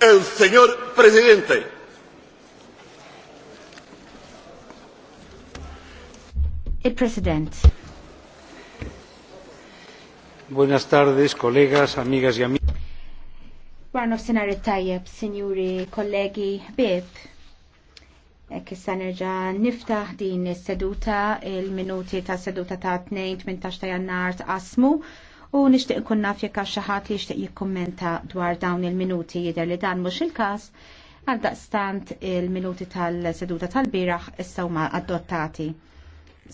el señor presidente. El presidente. Buenas tardes, colegas, amigas y amigos. Barno senare tajjeb, signori kollegi, bib. Kissa nerġa niftaħ din is-seduta il-minuti ta' seduta ta' 2-18 ta' jannar asmu u nixtieq nkun naf jekk xi ħadd li jixtieq jikkummenta dwar dawn il-minuti jidher li dan mhux il-każ għaldaqstant il-minuti tal-seduta tal-biraħ issa huma adottati.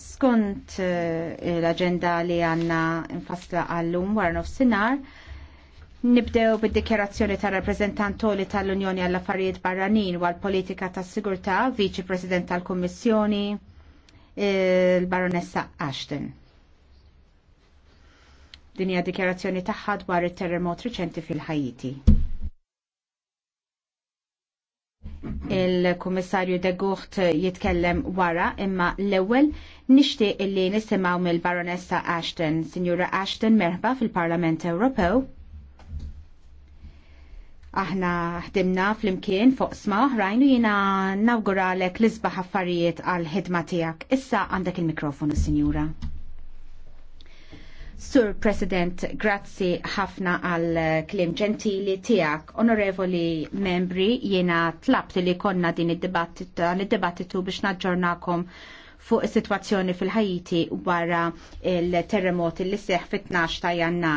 Skont eh, l-agenda li għanna infasla għallum wara nofsinhar, Nibdew bid-dikjerazzjoni tal rappresentantoli tal-Unjoni għall affarijiet barranin u għall-politika tas sigurtà viċi President tal-Kommissjoni, il-Baronessa Ashton. Din hija dikjarazzjoni tagħha dwar it-terremot riċenti fil-Ħajiti. Il-Kummissarju de Gucht jitkellem wara imma l-ewwel nixtieq illi nisimgħu mill-Baronessa Ashton. Sinjura Ashton merħba fil-Parlament Ewropew aħna ħdimna fl-imkien fuq sma oħrajn u jina nawguralek l-isbaħ affarijiet għal ħidma tijak. Issa għandek il-mikrofonu, sinjura. Sur President, grazzi ħafna għal klim ġentili tijak. Onorevoli membri, jena tlabt li konna din id-dibattitu biex naġġornakom fuq is-sitwazzjoni fil-Ħajiti wara il-terremoti li seħ fit-12 ta'